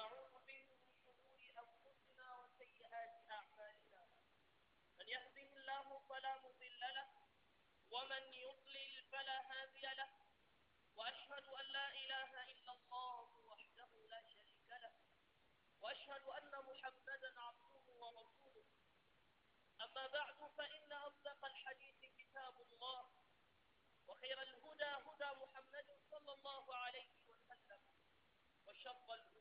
ونعوذ به من شرور أنفسنا وسيئات أعمالنا من يهده الله فلا مضل له ومن يضلل فلا هادي له وأشهد أن لا إله إلا الله وحده لا شريك له وأشهد أن محمدا عبده ورسوله أما بعد فإن أصدق الحديث كتاب الله وخير الهدى هدى محمد صلى الله عليه وسلم وشر الأمور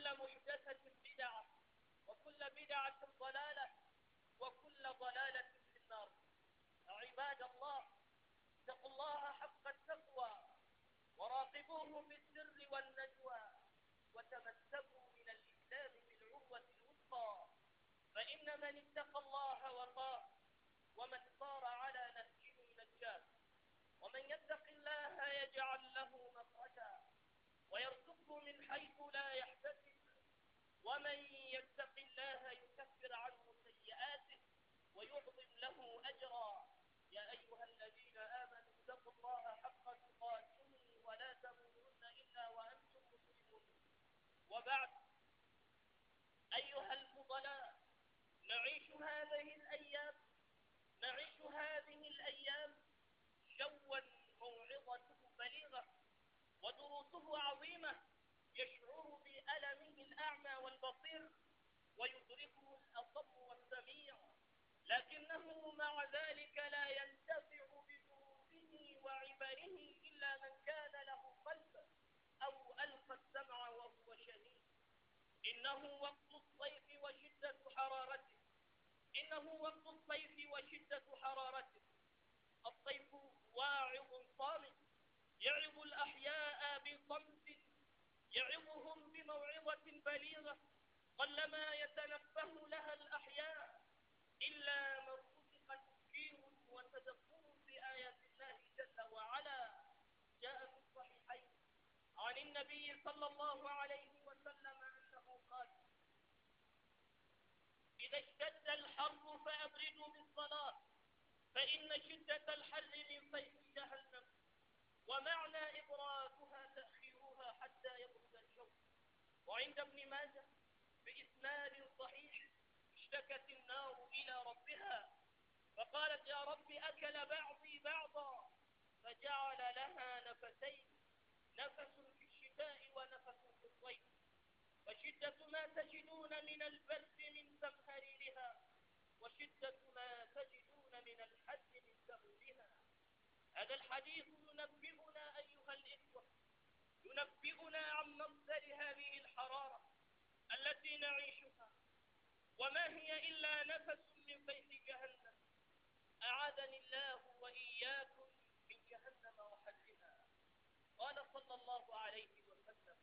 وكل محدثة بدعة وكل بدعة ضلالة وكل ضلالة في النار عباد الله اتقوا الله حق التقوى وراقبوه في السر والنجوى وتمسكوا من الإسلام بالعروة الوثقى فإن من اتقى الله وقاه ومن صار على نهجه نجاه ومن يتق الله يجعل له مخرجا ويرزقه من حيث ومن يتق الله يكفر عنه سيئاته ويعظم له أجرا يا أيها الذين آمنوا اتقوا الله حق تقاته ولا تموتن إلا وأنتم مسلمون وبعد أيها الفضلاء نعيش هذه الأيام نعيش هذه الأيام جوا موعظته بليغة ودروسه عظيمة يشعر البصير ويدركه الأصم والسميع لكنه مع ذلك لا ينتفع بدروسه وعبره إلا من كان له قلب أو ألقى السمع وهو شهيد إنه وقت الصيف وشدة حرارته إنه وقت الصيف وشدة حرارته الصيف واعظ صامت يعظ الأحياء بصمت يعظهم بموعظة بليغة قلما يتنبه لها الأحياء إلا من رزق تفكير وتدبر بآيات الله جل وعلا جاء في الصحيحين عن النبي صلى الله عليه وسلم أنه قال إذا اشتد الحر فأبردوا بالصلاة فإن شدة الحر من صيف جهنم ومعنى إبرادها تأخيرها حتى يبرد الجو وعند ابن ماجه اشتكت النار إلى ربها فقالت يا رب أكل بعضي بعضا فجعل لها نفسين نفس في الشتاء ونفس في الصيف وشدة ما تجدون من البرد من تمهريرها وشدة ما تجدون من الحد من تمهيرها هذا الحديث ينبئنا أيها الإخوة ينبئنا عن مصدر هذه الحرارة التي نعيشها وما هي إلا نفس من فيح جهنم أعاذني الله وإياكم من جهنم وحدها قال صلى الله عليه وسلم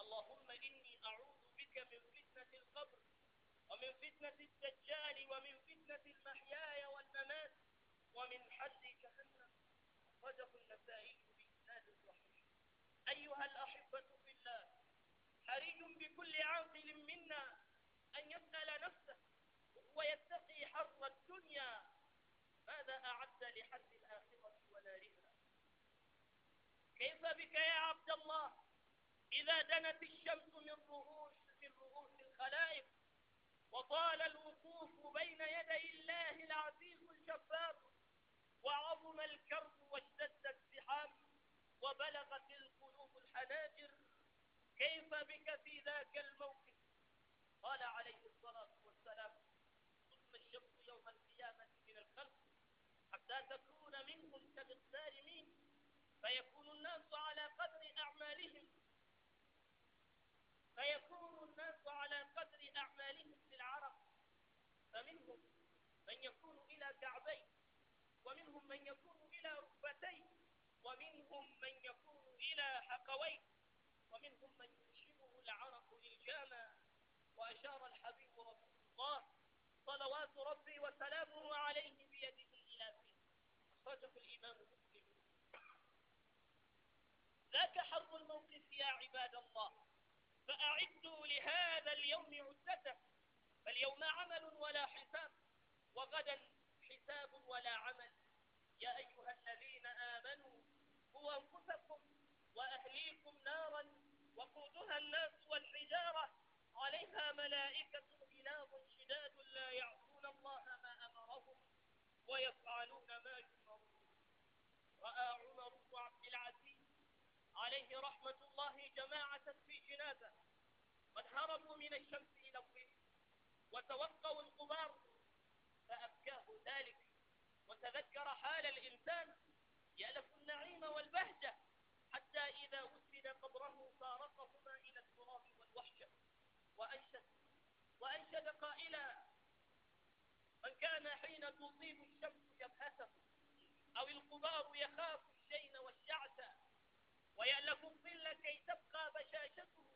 اللهم إني أعوذ بك من فتنة القبر ومن فتنة الدجال ومن فتنة المحياي والممات ومن حد جهنم صدق النسائي بإسناد صحيح أيها الأحبة في الله حري بكل عاقل منا أن يسأل نفسه ويتقي حر الدنيا ماذا أعد لحر الآخرة ونارها كيف بك يا عبد الله إذا دنت الشمس من رؤوس من رؤوس الخلائق وطال الوقوف بين يدي الله العزيز الجبار وعظم الكرب واشتد الزحام وبلغت القلوب الحناجر كيف بك في ذاك الموقف قال عليه الصلاة والسلام ثم الشمس يوم القيامة من الخلق حتى تكون منهم كمقدار مين فيكون الناس على قدر أعمالهم فيكون الناس على قدر أعمالهم في العرب فمنهم من يكون إلى كعبين ومنهم من يكون إلى ركبتين ومنهم من يكون إلى حقوين ومنهم من يشبه العرق للجامع أشار الحبيب رسول الله صلوات ربي وسلامه عليه بيده إلى فيه أخرجه الإمام مسلم ذاك حظ الموقف يا عباد الله فأعدوا لهذا اليوم عدته فاليوم عمل ولا حساب وغدا حساب ولا عمل يا أيها الذين آمنوا قوا أنفسكم وأهليكم نارا وقودها الناس والحجارة عليها ملائكة غلاظ شداد لا يعصون الله ما أمرهم ويفعلون ما يؤمرون رأى عمر بن عبد العزيز عليه رحمة الله جماعة في جنازة قد هربوا من الشمس إلى الظل وتوقوا الغبار فأبكاه ذلك وتذكر حال الإنسان يألف النعيم والبهجة وأنشد وأنشد قائلا من كان حين تصيب الشمس جبهته أو الغبار يخاف الشين والشعث ويألف الظل كي تبقى بشاشته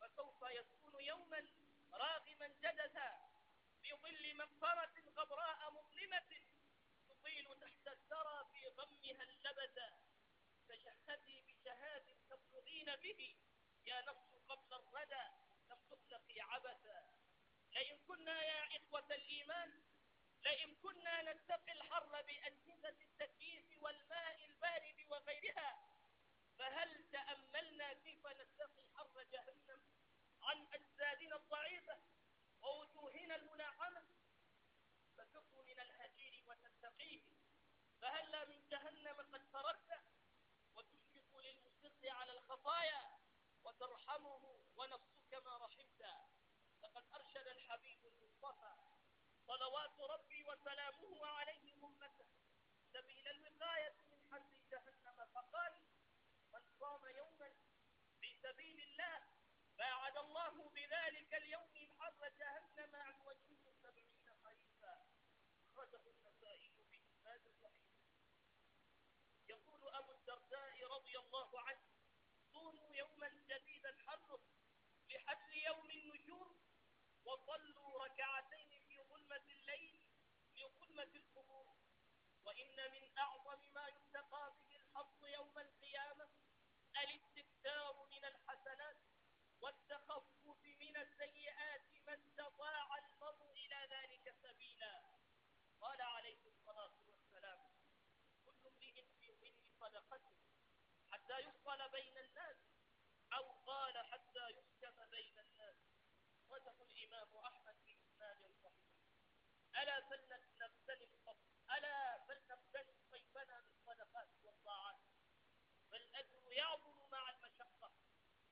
فسوف يكون يوما راغما جدثا في ظل مغفرة غبراء مظلمة تطيل تحت الثرى في غمها اللبثا تشهدي بشهاد تبلغين به يا نفس قبل الردى الإيمان لئن كنا نتقي الحر بأجهزة التكييف والماء البارد وغيرها فهل تأملنا كيف نتقي حر جهنم عن أجسادنا الضعيفة ووجوهنا الملاحمة فتقوا من الهجير وتتقيه فهلا من جهنم قد فررت وتشفق للمصر على الخطايا وترحمه ونفسك ما رحمته صلوات ربي وسلامه عليه أمته سبيل الوقاية من حد جهنم فقال من صام يوما في سبيل الله باعد الله بذلك اليوم حر جهنم عن وجهه سبعين خريفا أخرجه النسائي في إسناد صحيح يقول أبو الدرداء رضي الله عنه صوموا يوما جديدا حره لحفل يوم النشور وصلوا ركعتين وانشقت القبور وإن من أعظم ما يتقى به الحظ يوم القيامة الاستكثار من الحسنات والتخفف من السيئات ما استطاع المرء إلى ذلك سبيلا قال عليه الصلاة والسلام كل امرئ في ظل صدقته حتى يفصل بين الناس أو قال حتى يحكم بين الناس وجه الإمام أحمد في إسناد صحيح ألا فلت ألا بل صيفنا بالصدقات والطاعات فالأجر يعظم مع المشقة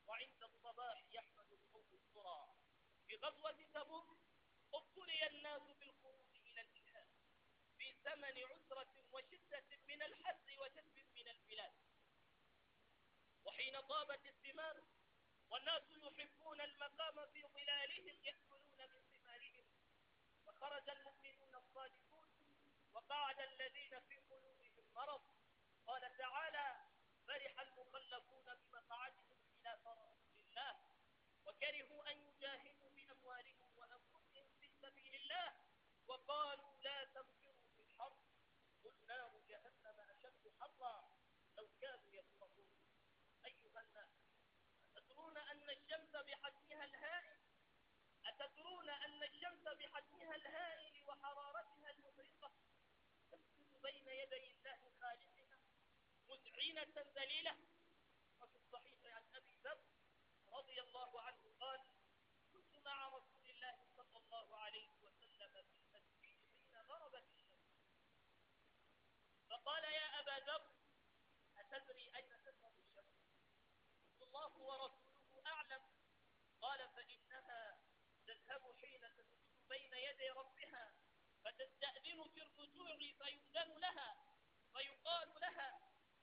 وعند الصباح يحمد الحب الصرى في غزوة ابتلي الناس بالخروج إلى الجهاد في زمن عسرة وشدة من الحر وجذب من البلاد وحين طابت الثمار والناس يحبون المقام في ظلالهم يأكلون من ثمارهم فخرج المؤمنون الصادقون بعد الذين في قلوبهم مرض قال تعالى فرح المخلفون بمقعدهم خلاف رسول الله وكرهوا أن يجاهدوا بأموالهم وأنفسهم في سبيل الله وقالوا لا تنفروا في الحرب قل نار جهنم أشد حرا لو كانوا يفقهون أيها الناس أتدرون أن الشمس بحجمها الهائل أتدرون أن الشمس بحجمها الهائل بين يدي الله خالصنا مذعنة ذليلة وفي الصحيح عن أبي ذر رضي الله عنه قال كنت مع رسول الله صلى الله عليه وسلم في المسجد حين غربت الشمس فقال يا أبا ذر أتدري أين تذهب الشمس الله ورسوله تستأذن في الرجوع فيؤذن لها فيقال لها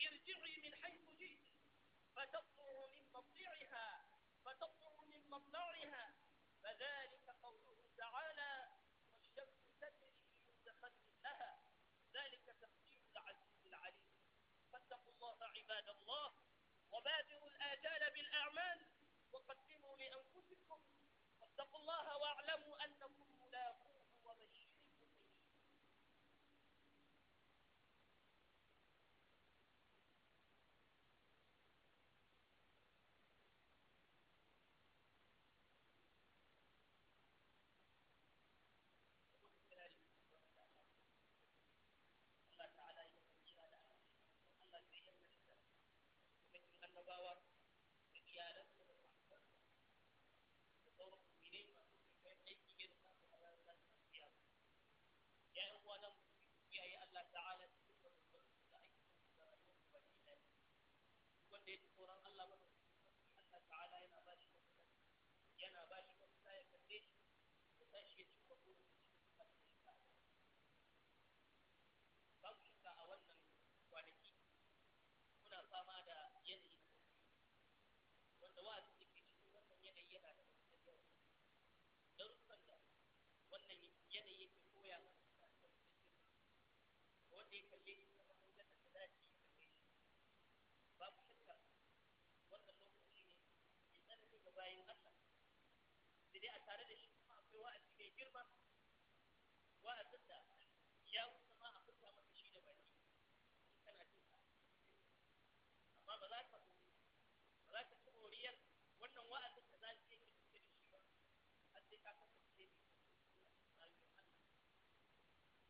ارجعي من حيث جئت فتطلع من مطلعها فتطلع من مطلعها فذلك قوله تعالى والشمس تدري لمستقر لها ذلك تقدير العزيز العليم فاتقوا الله عباد الله وبادروا الآجال بالأعمال وقدموا لأنفسكم واتقوا الله واعلموا أنكم sai tsoron Allah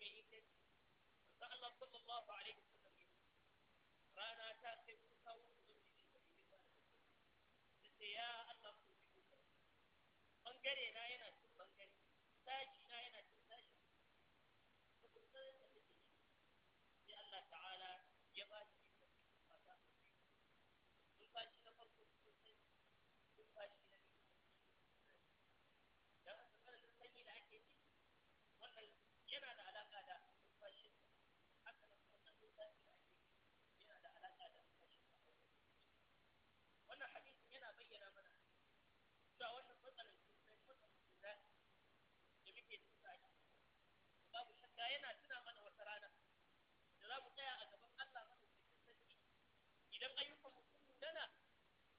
mai inganci manzo Allah sallallahu alaihi wasallam rana ta kai da ya Allah ku na yana idan ayyukan mutum dana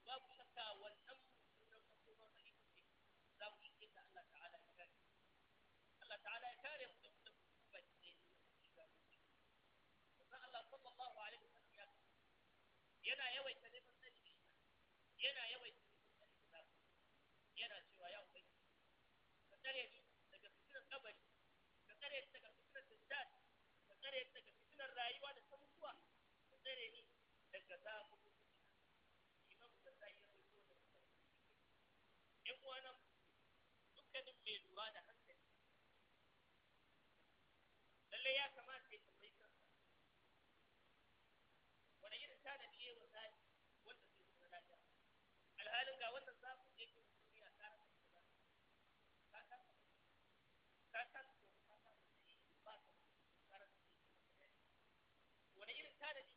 babu shakka wannan mummunan makomar ayyukan za mu shi yadda Allah ta'ala ya kare Allah ta'ala ya kare mu da mutum ba da zai yi da mutum sannan Allah sallallahu alaihi wasallam ya yana yawaita neman sani yana yawaita mai lura da hankali lallai ya kamata ya tambayi wani irin wa wanda zai zama lafiya alhalin ga wannan zafin da yake duniya ta rasa da ta ta ta ta ta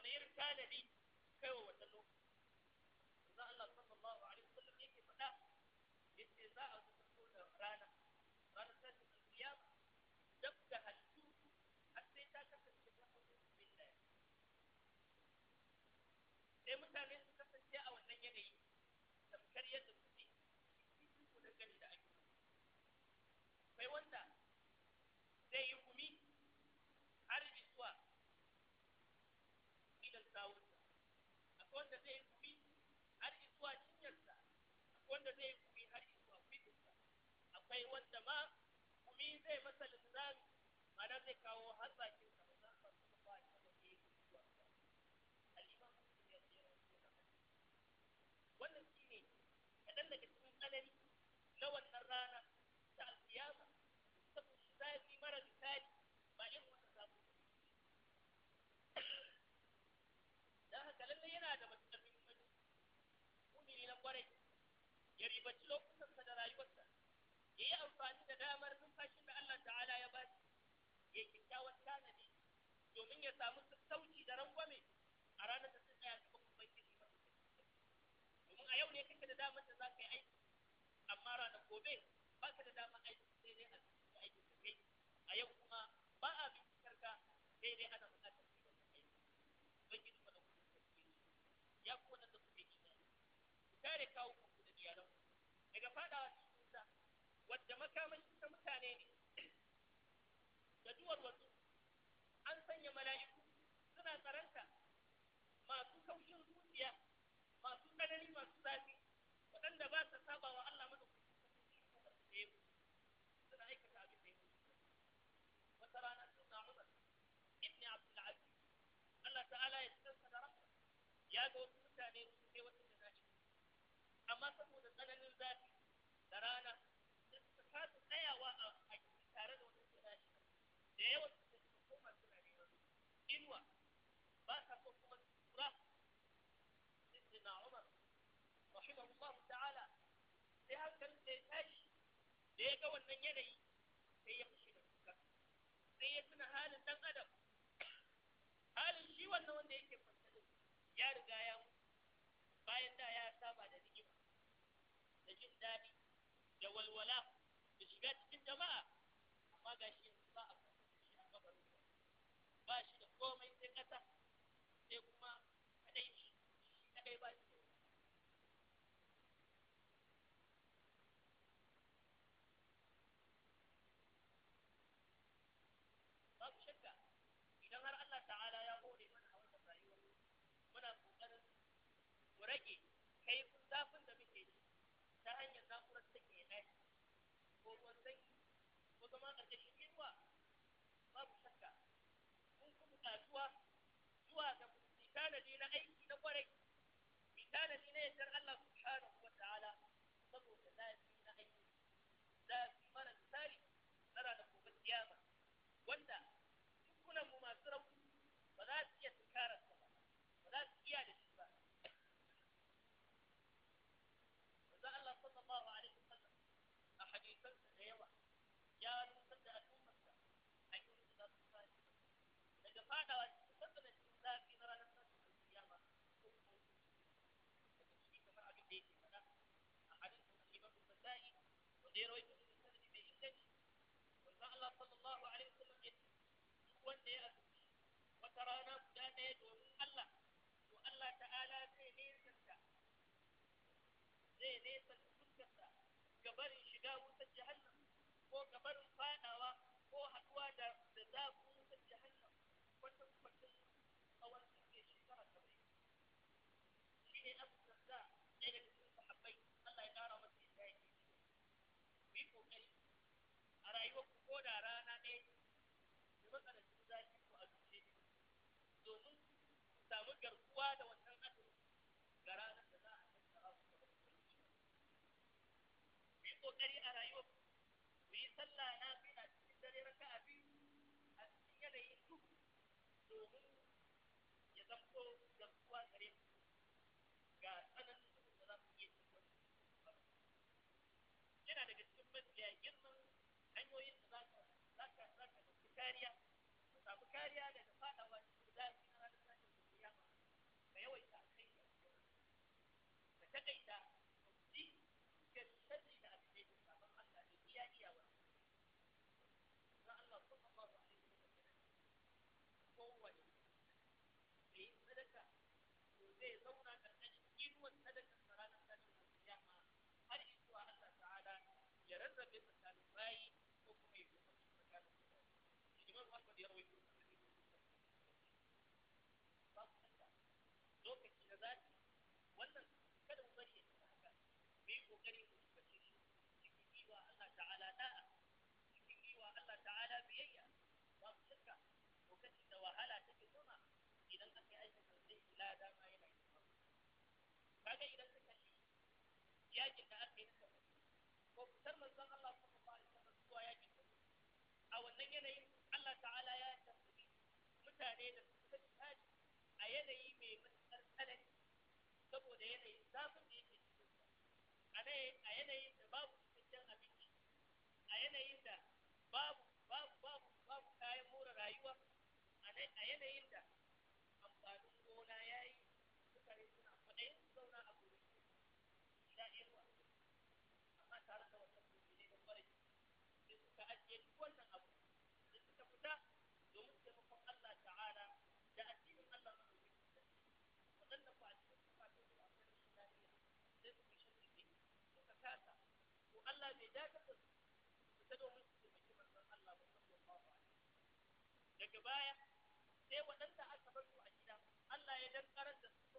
wani irin tanadi kai wa wata lokaci za Allah sallallahu alaihi wasallam yake faɗa yace za a fito da rana ranar tashin alkiyama dab da halittu har sai ta kasance ta fito bin da sai mutane su kasance a wannan yanayi tamkar yadda su wanda zai gumi har zuwa fitinsa akwai wanda ma gumi zai masa linzami ma'ana zai kawo hatsakin sa ba za ka su ba ta da ke zuwa al'imam musulmi ya ce wannan shi ne kaɗan daga cikin tsanani na wannan lokutansa da rayuwarsa ya yi amfani da damar numfashin da Allah ta'ala ya ba shi ya kyakkyawan tanadi domin ya samu sauki da rangwame a ranar da ta tsaya ta bakon bankin ba domin a yau ne kake da damar da za ka yi aiki amma ranar gobe duwarwatsu an sanya mala'iku suna tsaranta masu kaushin zuciya masu tsanani masu zafi waɗanda ba su saba wa Allah madaukakin sarki ko ba suna aikata abin da ya wata rana sun samu da ibn Abdul Aziz Allah ta'ala ya tsarsa da rahma ya ga wasu mutane sun kai wata jana'i amma saboda tsananin zafi da rana da ya ga wannan yanayi sai ya fushi da kuka sai ya tuna halin dan adam halin shi wannan wanda yake kwantanin ya riga ya mutu bayan da ya saba da ni'ima da jin daɗi rage kai zafin da muke ji ta hanyar na'urar ta ke ɗaya ko ruwan sanyi ko zama shi zuwa babu shakka mun kuma kasuwa zuwa ga tanadi na aiki na kwarai bi tanadi na yadda Allah subhanahu wa ta'ala saboda zafi na aiki zafi zai nesanta fuskarsa ga barin shiga wutar jahannam ko ga barin fadawa ko haduwa da da zafin wutar jahannam wata kwatan ke shiga shekara saba'in shi ne abu sassa ɗaya daga cikin sahabbai Allah ya ƙara masa yadda yake ku yi kokari a rayuwar ku ko da rana ɗaya da matsalancin zafi ku a zuciya domin ku samu garkuwa da wata. kokari a rayuwa ku yi sallah na fila cikin dare raka a biyu a cikin yanayin duk domin ya zamto gamsuwa gare ku ga tsananin da za ku iya cin wani yana daga cikin mafiya girman hanyoyin da za ka za ka za ka kariya ka samu kariya daga fadawa cikin zafi na ranar sashen da ya ma ka yawaita a kai da takaita yakin da aka yi na tabu ko fitar manzon Allah sallallahu alaihi wasallam zuwa yakin tabu a wannan yanayin Allah ta'ala ya tambayi mutane da suka tashi a yanayi mai matsar tsanani saboda yanayin zafin da yake cikin a yanayin bai dakatar su ta domin su taimaki manzon Allah ba sallallahu alaihi daga baya sai waɗanda aka bar su a gida Allah ya dankarar da su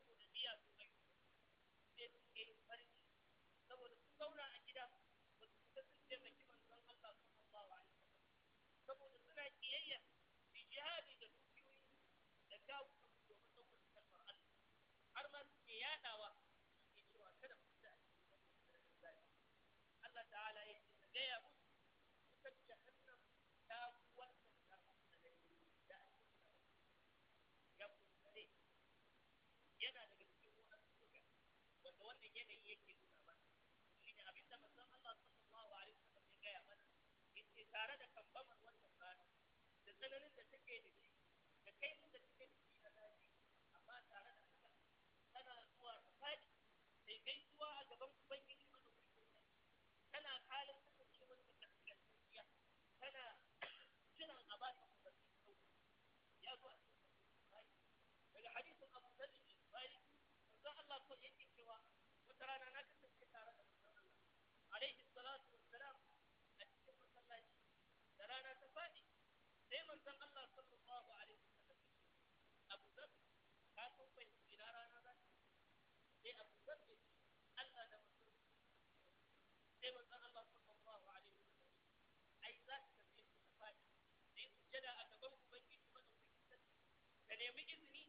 yana daga cikin wa'azuzzuka wanda wannan yanayi yake nuna ba shi ne abin da manzon Allah sallallahu alaihi wasallam ya gaya mana yace tare da kambamar wannan rana da tsananin nemi izini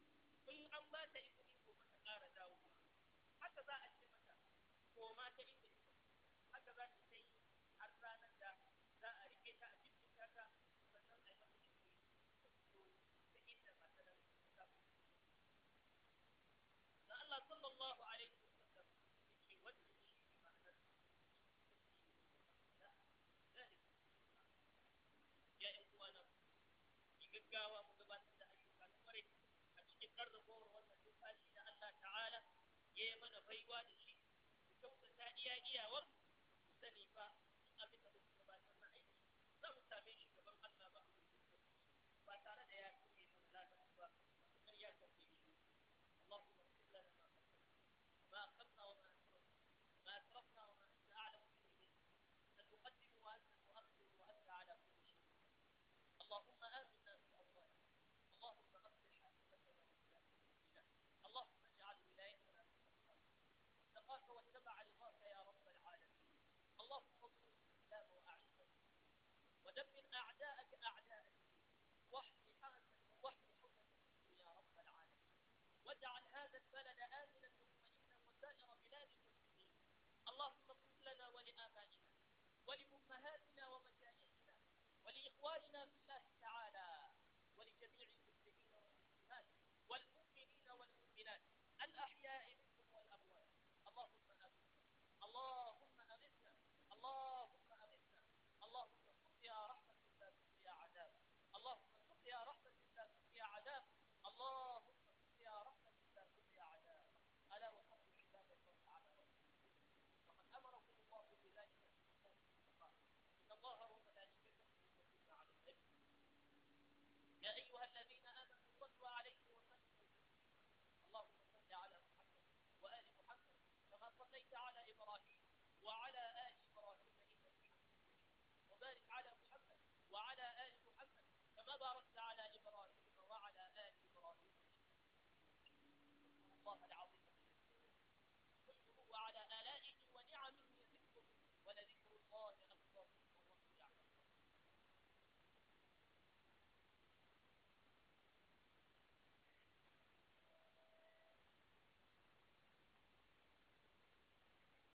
in an ba ta izini ko ta ƙara dawo haka za a iya iya ودمر أعداءك أعداء واحمي حالك واحمي حولك يا رب العالمين واجعل هذا البلد آمنا مطمئنا وسائر بلاد المسلمين اللهم اغفر لنا ولآبائنا ولأمهاتنا ومشايخنا ولإخواننا في